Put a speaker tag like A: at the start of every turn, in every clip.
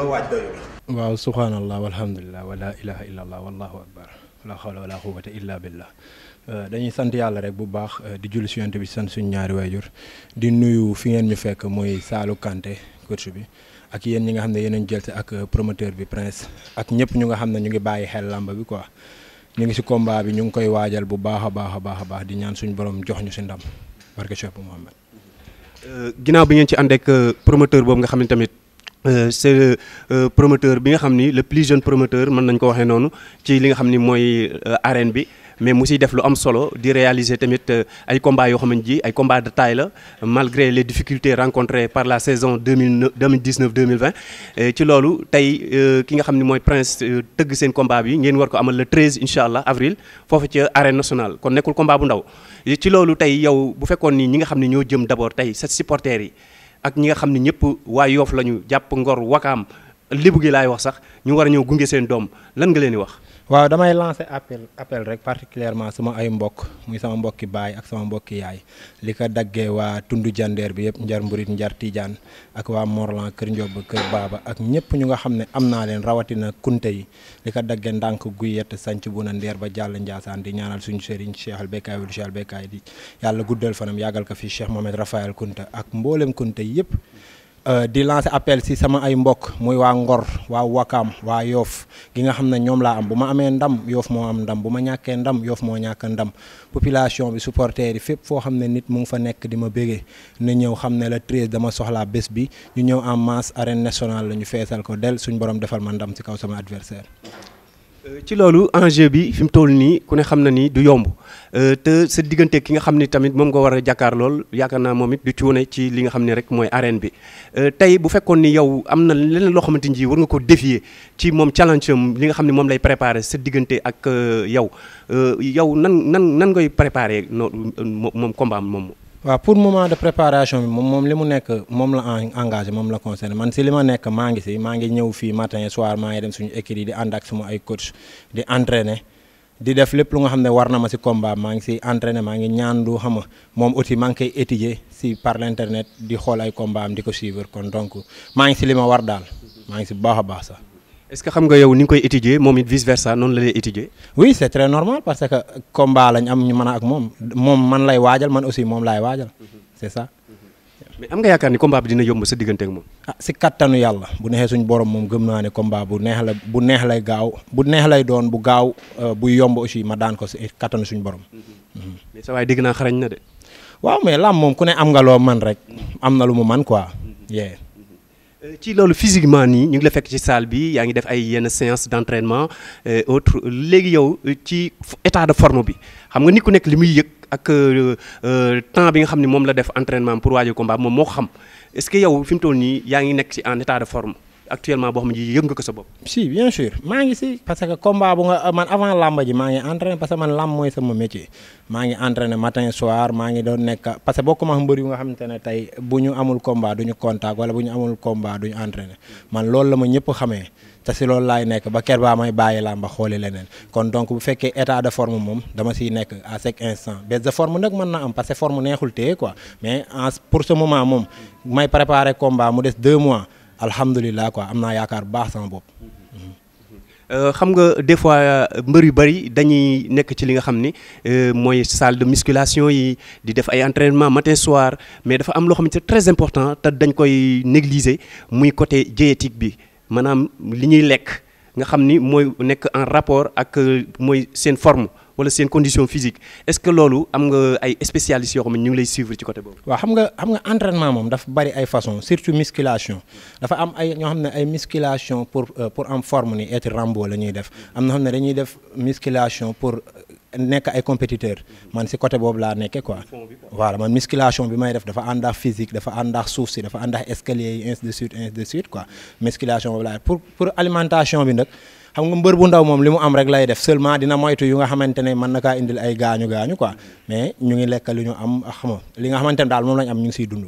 A: loo waaj doyul. waaw subhaanallah walhamdulilah wala ilaha illallah wallahu akbar la xawla wala quwwata illa billah euh, dañuy sant yàlla rek bu baax euh, di julli si yonent bi sant suñ ñaari waajur di nuyu fi ngeen ñu fekk muy Saalu Kanté coach bi ak yéen ñi nga xam ne yéen jël si ak euh, promoteur bi Prince ak ñëpp ñu nga xam ne ñu ngi bàyyi xel làmb bi quoi ñu ngi si combat bi ñu ngi koy waajal bu baax a baax a baax a baax di ñaan suñu boroom jox ñu si ndam barke Cheikh Mouhamed.
B: ginnaaw bi Euh, c'est le euh, promoteur bi nga xam ni le plus jeune promoteur mën nañ ko waxee noonu ci li nga xam ni mooy euh, arène bi mais mu siy def lu am solo di réaliser tamit ay combats yoo xam ne ji ay combats de taille la malgré les difficultés rencontrées par la saison deux mille dix-neuf deux mille vingt ci loolu tey ki nga xam ne mooy prince tëgg seen combat bi ngeen war ko amal le treize incha allah avril foofu ci arène nationale kon nekkul combat bu ndaw ci loolu tey yow bu fekkoon ni ñi nga xam ne ñoo jëm d'abord tey sa supporters yi. ak ñi nga xam ne ñëpp waa yoof la ñu jàpp ngor wakaam lébu gi laay wax sax ñu war a ñëw gunge seen doom lan nga leen di wax
A: waaw damay lancé appel appel rek particulièrement sama ay mbokk muy sama mbokki baay ak sama mbokki yaay li ko daggee waa tund jandeer bi yëpp njar mburit njar tiijaan ak waa Morlan kër Njob kër Baaba ak ñëpp ñu nga xam ne am naa leen rawatina kunte yi li ko daggee ndànk guy yett sanc bu na ndeer ba jàll njaasaan di ñaanal suñu sëriñ Cheikh Albekaay wulu Cheikh Albekaay di yàlla guddal fanam yàggal ko fi Cheikh Mohamed Raphaël Kunta ak mboolem kunte yëpp Euh, di lancer appel si sama ay mbokk muy waa Ngor waa Wakaam waa Yoof gi nga xam ne ñoom laa am bu ma amee ndam Yoof moo am ndam bu ma ñàkkee ndam Yoof moo ñàkk ndam population bi supporters yi fépp foo xam ne nit mu ngi fa nekk di ma bégee na ñëw xam ne la treize dama soxlaa bés bi ñu ñëw en masse arène nationale la ñu feesal ko del suñ borom defal ma ndam si kaw sama adversaire
B: Euh, ci loolu enjeu bi fi mu toll nii ku ne xam na nii du yomb euh, te sa diggante ki nga xam ni tamit moom nga war a jàkkaar lool yaakaar naa moom it du cuune ci li nga xam ne rek mooy arène bi euh, tey bu fekkoon ni yow am na leneen loo xamante ni war nga ko défier ci moom challenge am li nga xam ne moom lay préparé sa diggante ak yow yow nan nan nan ngay préparé noo moom combat moom. waaw pour moment
A: de préparation bi moom moom li mu nekk moom la engagé moom la concerné man si li ma nekk maa ngi si maa ngi ñëw fii matin soir maa ngi dem suñu écrit di ànd ak suma ay coach di entraîner di def lépp lu nga xam ne war na ma si combat maa ngi si entraîner maa ngi ñaandu xam nga moom aussi maa ngi koy étudier si par l' internet di xool ay combat di ko suivre kon donc maa ngi si li ma war daal maa ngi si bu baax a baax sax
B: est-ce que xam nga yow ni nga koy étudier moom it vice versa noonu la lay
A: étudier. oui c'est très normal parce que combat lañ am ñu man a ak moom moom man lay waajal man aussi moom laay waajal c'est ça. mais am nga yaakaar ni combat bi dina yomb sa diggante ak moom. ah si kattanu yàlla bu neexee suñu borom moom gëm naa ne combat bu neex la bu neex lay gaaw bu neex lay doon bu gaaw euh, bu yomb aussi ma daan ko si kattanu suñu borom. Mm-hmm. mais sa waay dégg naa xarañ na de. waaw mais lam moom ku ne am nga loo man rek am na lu mu man quoi.
B: Euh, ci loolu physiquement nii ñu ngi la fekk ci salle bi yaa ngi def ay yenn séance d'entraînement euh, autre léegi yow euh, ci état de forme bi xam nga nit ku nekk li muy yëg ak temps bi nga xam ni moom la def entraînement pour ko combat moom moo xam est-ce que yow fi mu toll nii yaa ngi nekk ci en état de forme actuellement boo xam ne yëg nga ko sa bopp. si bien sûr maa ngi si parce que combat bu nga man avant ngi
A: entraîné parce que man làmb mooy sama métier maa ngi entraîné matin soir maa ngi doon nekk parce que bokkuma mbër yu nga ne tey bu ñu amul combat du wala bu amul combat du ñu man loolu la ma ñëpp xamee te laay nekk ba ker baa may bàyyi làmba xooli leneen kon donc bu fekkee état de forme moom dama siy nekk à chaque instant baisse de mën na am parce que forme neexul téye quoi mais en pour ce moment moom may préparer combat mu des deux mois. alhamdulilah quoi am naa yaakaar bu baax sama bopp.
B: Euh, xam nga des fois euh, mbër yu bëri dañuy nekk ci li nga xam ni euh, mooy salle de musculation yi di def ay entrainement matin soir mais dafa am loo xam ne c'est très important te dañ koy négliser muy côté diététique bi maanaam li ñuy lekk nga xam ni mooy nekk en rapport ak mooy seen forme. wala seen condition physique est-ce que loolu am nga ay spécialistes yoo xam nga xam nga
A: entraînement moom dafa bari ay façon surtout musculation dafa am ay ñoo xam ne ay musculation pour euh, pour am forme ni être Rambo la ñuy def am na xam ne dañuy def euh, nekk ay compétiteur man si coté boobu laa nekkee quoi voilà man musculation bi may def dafa ànd ak physique dafa ànd ak suuf si dafa ànd ak escalier yi ainsi de suite ainsi de suite quoi musculation boobu laa pour alimentation bi nag xam nga mbër bu ndaw moom li mu am rek lay def seulement dina moytu yu nga xamante ne mën na kaa indil ay gaañu gaañu quoi mais ñu ngi lekk li ñu am ah, xam nga
B: li nga xamante ne daal moom lañ am ñu ngi siy dund.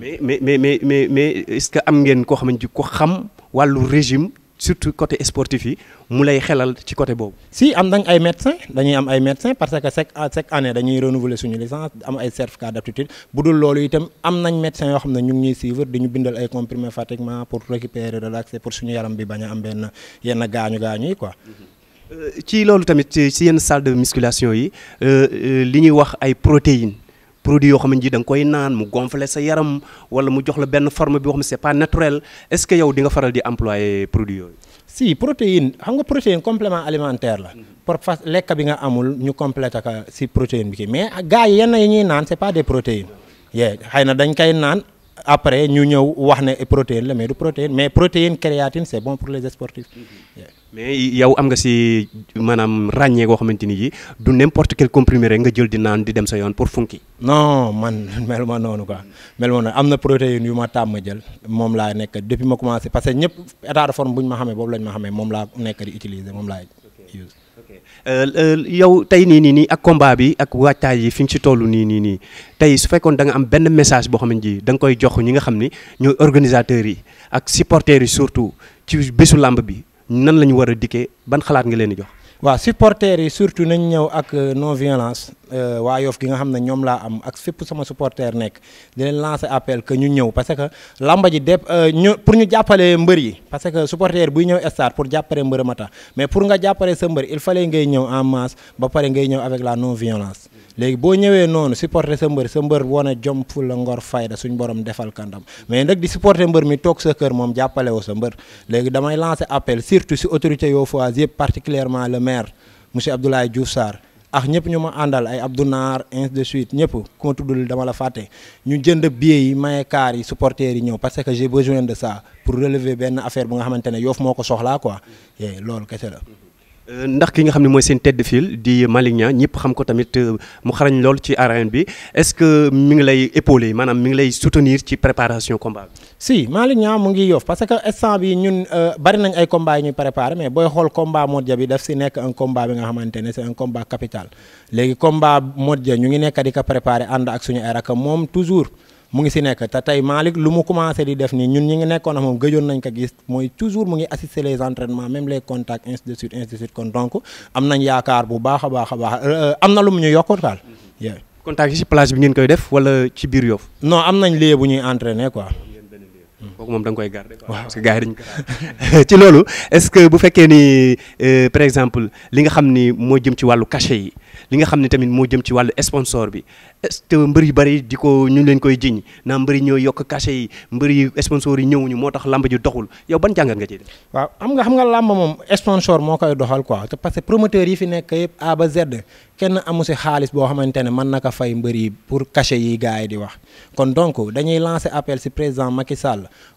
B: mais mais mais mais mais est-ce que am ngeen koo xamante ko xam wàllu régime. surtout côté sportif yi mu lay xelal ci côté boobu. si am nañ ay médecins
A: dañuy am ay médecins parce que chaque chaque année dañuy renouveler suñu licence am ay certificat d'aptitude bu dul loolu itam am nañ médecins yoo xam ne ñu ngi ñuy suivre di ñu bindal ay comprimés fatiguement pour récupérer relaxer pour suñu yaram bi bañ a am benn yenn gaañu gaañu yi quoi.
B: Euh, ci loolu tamit ci yenn salle de musculation yi euh, euh, li ñuy wax ay protéines. produit yoo xam ne ji da nga koy naan mu gonfler sa yaram wala mu jox la benn forme bi wax ne c'est pas naturel est-ce que yow di nga faral di employer produit yooyu. si protéine xam nga protéine complément alimentaire la. Mm. pour fas lekk
A: bi nga amul ñu complété ko si protéine bi kii mais gars yi yenn yi ñuy naan c'est pas des protéines. yee xëy na dañ koy naan. après ñu ñëw wax ne protéine la mais du protéine mais protéine créatine c'est bon pour les sportifs. Mm-hmm.
B: mais yow am nga si maanaam ràññee goo xamante ni ji du n'importe quel comprimé nga jël di naan di dem sa yoon pour funki. non man mel ma
A: noonu quoi mel ma noonu am na protéine yu ma tàmm jël moom laa nekk depuis ma commencé parce que ñëpp état de forme bu ma xamee boobu lañ ma xamee moom laa nekk di utiliser moom laa
B: use. Euh, euh, yow tey nii nii nii ak combat bi ak waajtaay yi fi ñu ci toll nii nii nii tey su fekkoon danga am benn message boo xam ne ji da nga koy jox ñi nga xam ni ñooy organisateurs yi ak supporters yi surtout ci bésu làmb bi nan la ñu war a dikkee ban xalaat nga leen di jox. waaw supporters yi surtout
A: nañ ñëw ak euh, non violence euh, waa Yoff gi nga xam ne ñoom laa am ak fépp sama supporter nekk di leen lancer appel que ñu ñëw parce que lamba ji de euh, ñu pour ñu jàppale mbër yi parce que supporter buy ñëw stade pour jàppale mbër ma mais pour nga jàppale sa mbër il fallait ngay ñëw en masse ba pare ngay ñëw avec la non violence léegi boo ñëwee noonu supporter sa mbër sa mbër wane jom fulla ngor fayda suñ borom defal kandam mais nag di supporter mbër mi toog sa kër moom jàppale woo sa mbër léegi damay lancé appel surtout si autorité yoo fois yëpp particulièrement le maire monsieur Abdoulaye Diouf Sarr ak ñëpp ñu ma àndal ay Abdou Naar ainsi de suite ñëpp ku ma tuddul dama la fàtte ñu jënd billets yi maye kaar yi supporters yi ñëw parce que j'ai besoin de ça pour relever benn affaire bu nga xamante ne Yoff moo ko soxlaa quoi
B: eh, loolu kese la Euh, ndax ki nga xam ne mooy seen tête de file di Malick Niang ñëpp xam ko tamit euh, mu xarañ lool ci arène bi est-ce que mi ngi lay épauler maanaam mi ngi lay soutenir ci préparation combat bi.
A: si Malick mu ngi yof parce que instant bi ñun euh, bari nañ ay combat yi ñuy préparé mais booy xool combat Modja bi daf si nekk un combat bi nga xamante ne c'est un combat capital léegi combat Modja ñu ngi nekk di ko préparer ànd ak suñu ay rakam moom toujours. mu ngi si nekk te tey Malick lu mu commencé di def nii ñun ñi ngi nekkoon ak moom gëjoon nañ ko gis mooy toujours mu ngi assister les entraînements même les contacts ainsi de suite ainsi de suite kon donc am nañ yaakaar bu baax a baax a baax euh, am na lu mu ñu yokk daal.
B: Mm-hmm. contact yi si plage bi ngeen koy def wala ci biir Yoff. non am nañ lieu bu ñuy entraîner quoi. Mm-hmm. kooku moom da nga koy garder quoi parce que loolu est-ce que bu fekkee ni euh, par exemple li nga xam ni moo jëm ci wàllu cachet yi li nga xam ni tamit moo jëm ci wàllu sponsor bi est mbër yu bëri di ko ñu leen koy jiñ naa mbër yi ñoo yokk cachet yi mbër yi sponsor yi ñëwuñu moo tax lamb ji doxul yow ban jàngat nga ci def. waaw xam nga xam nga lamb moom sponsor moo koy doxal quoi te promoteur yi fi nekk yëpp A
A: ba kenn amu si xaalis boo xamante ne mën na ko fay mbër yi pour cachet yi gars yi di wax. kon donc dañuy lancer appel si président Macky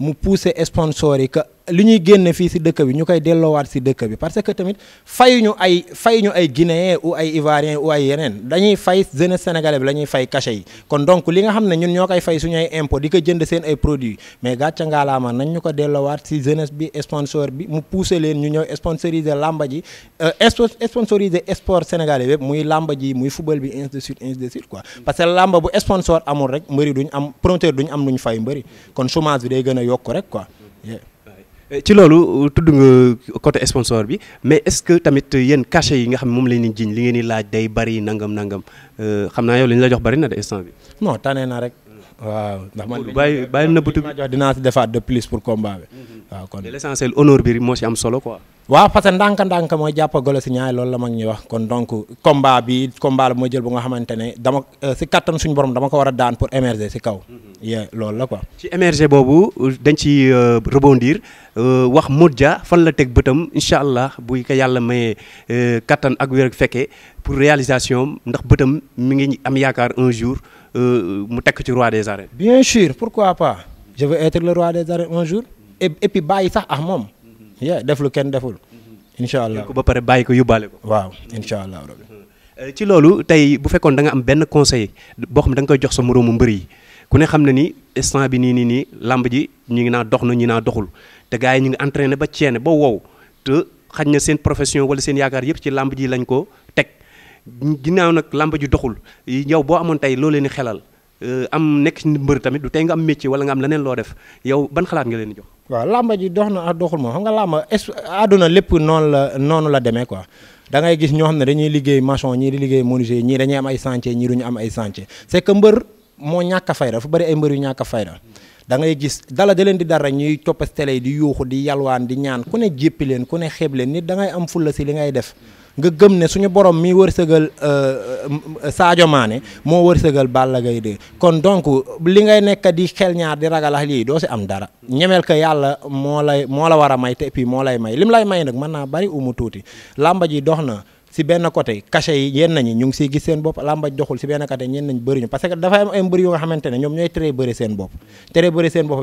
A: mu pousser sponsor yi que li ñuy génn fii si dëkk bi ñu koy delloowaat si dëkk bi parce que tamit fayuñu ay fayuñu ay guinéen ay ivoirien ou ay yeneen dañuy fay jeunesse sénégalais fay cachet yi kon donc li nga xam ne ñun ñoo koy fay suñu ay impôt di ko jënd seen ay produits mais gàcca ngaalaama nañ ñu ko delloowaat si jeunesse bi sponsor bi mu pousser leen ñu ñëw sponsoriser lamba ji euh, sponsoriser sport sénégalais yëpp muy lamba ji muy football bi ainsi de suite ainsi de suite quoi parce que lamba bu sponsor amul rek mbëri duñ am promoteur duñ am luñ fay mbëri
B: kon chômage bi day gën a yokk rek quoi ci loolu tudd nga côté sponsor bi mais est-ce que tamit yéen cachet yi nga xam ne moom lañ leen jiñ li ngeen di laaj day bari nangam nangam euh, xam naa yow lañu ñu la jox bari na de instant bi. non tane na rek.
A: waaw ndax man bàyyi bàyyi nëbbatu bi ma jox dinaa si defaat de plus pour combat bi. Mm-hmm. waaw kon l'essentiel honneur bi moo si am solo quoi. waaw parce que ndànk-ndànk mooy jàpp golo si ñaay loolu la mag ñuy wax kon donc combat bi combat la mooy jël bu nga xamante ne dama euh, si kattan suñu borom dama ko war a daan pour mrg si kaw. Mm-hmm. yee loolu la ko
B: ci émerger boobu dañ ci euh, rebondir euh, wax Modja fan la teg bëtam incha allah buy ko yàlla mayee kattan ak wér fekkee pour réalisation ndax bëtam mu ngi am yaakaar un jour mu tekk ci roi des arènes. bien sûr pourquoi pas
A: je veux être roi des arènes un jour bàyyi sax ak moom.
B: yaa def lu kenn deful. Mm-hmm. incha allah ba pare bàyyi ko yóbbaale ko. waaw incha allah rabbi. Mm-hmm. Euh, ci loolu tey bu fekkoon da nga am benn conseil boo xam ne koy jox sa moroomu mbër yi ku ne xam na ni instant bi nii nii nii làmb ji ñu ngi naa dox na ñu naa doxul te yi ñu ngi entraîné ba ceene ba wow te xaj na seen profession wala seen yaakaar yëpp ci làmb ji lañ ko teg ginnaaw nag làmb ji doxul yow boo amoon tey loo leen di xelal. Euh, am nekk ci mbër tamit du tey nga am métier wala nga am leneen loo def yow ban xalaat nga leen di jox. waa làmba ji dox na ah, doxul
A: moom xam nga làmba est àdduna lépp noonu la noonu la demee quoi. da ngay gis ñoo xam ne dañuy liggéey maçon ñii di liggéey menuisier ñii dañuy am ay chantier ñii duñu am ay chantier c'est que mbër moo ñàkk a fayda dafa bëri ay mbër yu ñàkk a fayda da ngay gis dala da leen di dara ñuy coppas télé yi di yuuxu di yalwaan di ñaan ku ne jéppi leen ku ne xeeb leen nit da ngay am fulla si li ngay def nga gëm ne suñu borom mi wërsëgal euh, euh, Sadio Mané moo wërsëgal Balla Gaye de kon donc li ngay nekk di xel ñaar di ragalax lii doo si am dara ñemeel ko yàlla moo lay moo la war a may te puis moo lay may lim lay may nag mën naa bari umu tuuti làmba ji dox na si benn côté cachet yi yenn ñi ñu ngi siy gis seen bopp làmbaj doxul si benn côté ñenn nañ bëri ñu parce que dafa am ay mbër yu nga xamante ne ñoom ñooy tere bëri seen bopp tere bëri seen bopp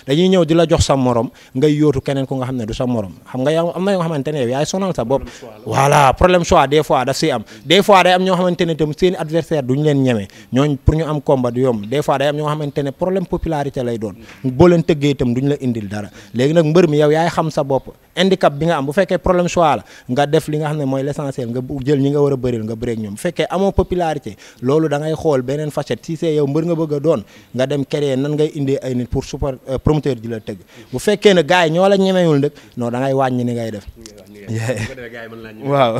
A: bi sa morom ngay yóotu keneen ku nga xam ne du morom xam nga yow am na ne yow yaay sonal sa bopp voilà problème choix des fois daf siy am des fois day am ñoo xamante ne tam seen adversaire duñu leen ñeme ñooñ pour ñu am combat du yomb des fois day am ñoo xamante ne problème popularité lay doon boo leen tëggee itam duñu la indil dara léegi nag mbër mi yow yaay xam sa bopp handicap bi nga am bu fekkee problème choix la nga def li nga xam ne mooy l'essentiel nga jël ñi nga war a bëril nga bëreeg ñoom bu fekkee amoo popularité loolu da ngay xool beneen facette si c'est yow mbër nga bëgg a doon nga dem créer nan ngay indee ay nit pour super euh, promoteur di la tëgg bu fekkee ne gars yi ñoo la ñemewul nag non da ngay wàññi ni ngay def waaw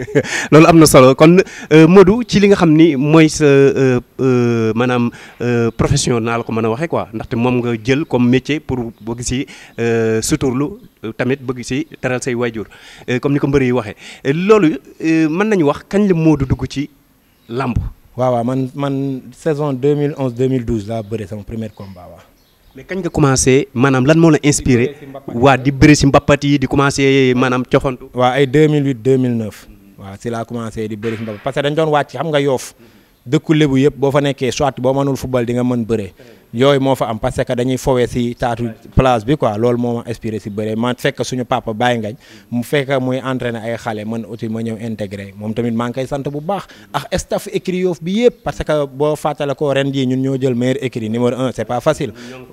B: loolu am na solo kon euh, Modou ci li nga xam ni mooy sa euh, euh, maanaam profession naa la ko mën a waxee quoi ndaxte moom nga jël comme métier pour bëgg si suturlu tamit bëgg si teral say waajur comme ni ko mbër yi waxee loolu mën nañu wax kañ la Modou dugg ci làmb waaw waaw man man
A: saison 2011 2012 laa bëre sama premier combat waaw
B: mais kañ nga commencé maanaam lan moo la inspiré waa di bëri si mbappat yi di commencé maanaam coxantu. waaw ay 2008
A: 2009 waaw si laa commencé di bëri si mbappat parce que dañ doon wàcc xam nga yoof dëkku lébu yëpp boo fa nekkee soit boo mënul football di nga mën bëre yooyu moo fa am parce que dañuy fowee si taatu place bi quoi loolu moo ma inspiré si bëre man fekk suñu papa bàyyi ngañ mu fekk muy entraîné ay xale man aussi ma ñëw intégré moom tamit maa ngi koy sant bu baax ak staff écrit Yoff bi yëpp parce que boo fàttale ko ren jii ñun ñoo jël meilleur écrit numéro un c'est pas facile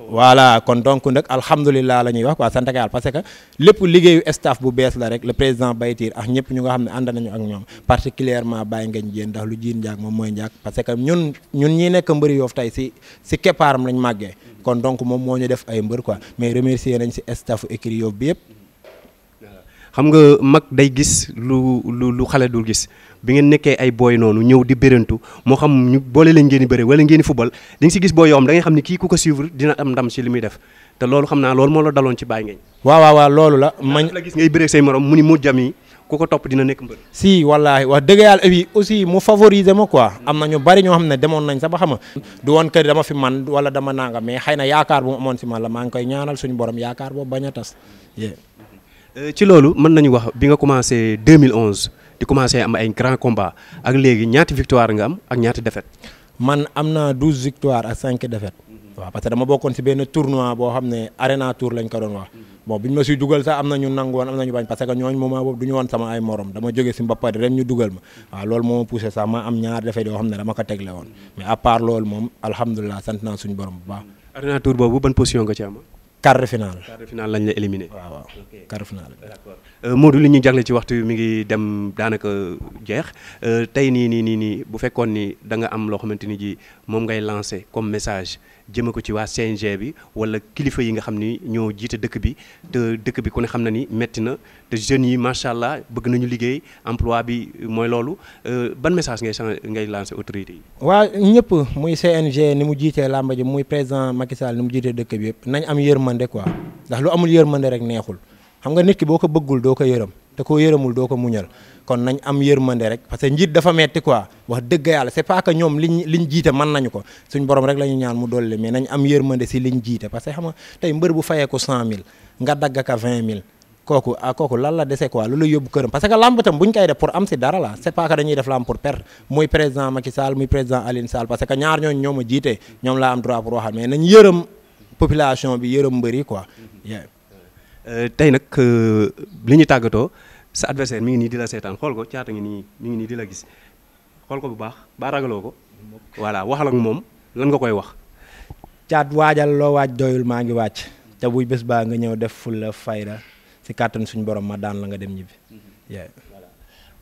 A: voilà kon donc nag alhamdulilah la ñuy wax quoi sant ak yàlla parce que lépp liggéeyu staff bu bees la rek le président Baytiir ak ñëpp ñu nga xam ne ànd nañu ak moom mooy njaag parce que moom màggee kon donc moom moo ñu def ay mbër quoi mais remercier
B: nañ si staffu écurie Yoff bi xam nga mag day gis lu lu lu xale dul gis bi ngeen nekkee ay booy noonu ñëw di bérantu moo xam ñu boole leen ngeen di bëre wala ngeen di football si gis booy yoo xam da xam ni kii ku ko suivre dina am ndam si li muy def te loolu xam naa loolu moo la daloon ci bàyyi ngeen. waaw waaw waaw loolu la. mañ la gis ngay bëre say morom mu ni mu jam yi ku ko topp dina nekk
A: mbër. si wallaahi wax dëgg yàlla bi aussi mu favoriser ma quoi am na ñu bari ñoo xam ne demoon nañ sa ba xama du woon kër dama fi man wala dama nanga mais xëy na yaakaar bu mu amoon si man la maa ngi koy ñaanal suñu borom yaakaar boobu bañ tas
B: euh, ci loolu mën nañu wax bi nga commencé 2011 di commencé am ay grand combat ak léegi ñaati victoire nga am ak ñaati defet man am
A: na 12 victoire ak cinq défaite waaw parce que dama bokkoon si benn tournoi boo xam ne arena tour lañ ko doon wax bon bi ñu ma si dugal sax am na ñu nangu woon am na ñu bañ parce que ñooñ moment boobu du ñu woon sama ay morom dama jóge si moo ma poussé sax ma am ñaar defee yoo xam ne dama ko tegle woon mais à part loolu moom alhamdulilah sant naa borom bu baax.
B: arena ban position nga ci am. quart de finale. quart de finale lañ la éliminé. waaw waaw quart de euh, li ñu jagle ci waxtu mi ngi dem daanaka jeex euh, tey nii nii nii nii bu fekkoon ni da nga am loo xamante ni ji moom ngay lancé comme message. jëme ko ci waa CNG bi wala kilifa yi nga xam ni ñoo jiite dëkk bi te dëkk bi ku ne xam na ni metti na te jeunes yi macha allah bëgg nañu liggéey emploi bi mooy loolu euh, ban message ngay changé ngay autorité yi.
A: waa ñëpp muy CNG ni mu jiitee làmba ji muy président Macky Sall ni mu jiitee dëkk bi yëpp nañ am yërmande quoi ndax lu amul yërmande rek neexul xam nga nit ki boo ko bëggul doo ko yërëm. te koo yërëmul doo ko muñal kon nañ am yërmande rek parce que njiit dafa metti quoi wax dëgg yàlla c'est pas que ñoom liñ jiite mën nañu ko suñ borom rek la ñu ñaan mu dolli mais nañ am yërmande si liñ jiite parce que xam nga tey mbër bu fayee ko 100000 nga dagg ka 20000 kooku ah la dese quoi lu la yóbbu këram parce que lamb tam bu ñu koy def pour am si dara la c'est pas que dañuy def lamb pour perdre muy président Macky Sall muy président Aline Sall parce que ñaar ñooñu ñoo ma jiite ñoom bi yërëm mbër yi quoi.
B: Euh, tey nag euh, li ñu tàggatoo sa adversaire mi ngi nii di la seetaan xool ko caata ngi nii mi ngi nii di la gis xool ko bu baax ba ragaloo ko voilà waxal ak moom lan nga koy wax.
A: caat waajal loo waaj doyul maa ngi wàcc ca buy bés baa nga ñëw def fulla fayda si kàttan suñu borom ma daan la nga dem ñibbi. Mm-hmm.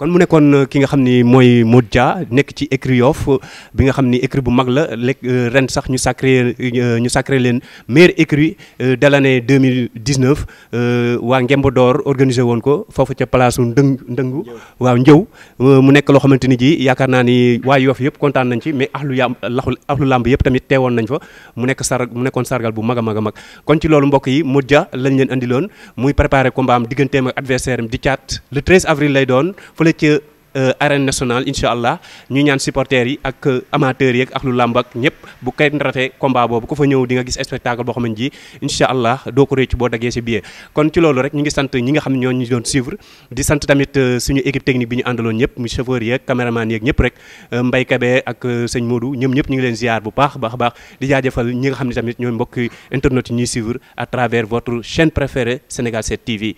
B: kon mu nekkoon euh, ki nga xam ni mooy Modou jaa nekk ci écurie Yoff euh, bi nga xam ni écurie bu mag la lekk euh, ren sax ñu sacré ñu sacré leen meilleur écurie de l'année 2019 waa Ngemba Door organisé woon ko foofu ca place ndëng ndëngu waaw njëw mu nekk loo xamante ni ji yaakaar naa ni waa yoof yëpp kontaan nañ ci mais ahlu yam laxul ahlu làmb yëpp tamit teewoon nañ fa mu nekk sar mu nekkoon sargal bu mag a mag a mag kon ci loolu mbokk yi Modou Dia lañ leen indiloon muy préparé combat am digganteem ak adversaire di caat le 13 lay doon fële ca euh, arène nationale incha allah ñu ñaan supporters yi ak euh, amateurs yeek ak lu làmb ak ñëpp bu kay ndarate combat boobu ku fa ñëw di nga gis spectacle boo xam ne ji incha allah doo ko réccu boo daggee si billet kon ci loolu rek ñu ngi sant ñi nga xam ne ñoo ñu doon suivre di sant tamit euh, suñu équipe technique bi ñu àndaloon ñëpp mu chauffeur yeeg caméraman yeeg ñëpp rek Mbaye Kabe ak sëñ Modou ñoom ñëpp ñu ngi leen ziar bu baax baax baax di jaajafal ñi nga xam ne tamit ñooy mbokk yi ñuy suivre à travers votre chaîne préférée Sénégal 7 TV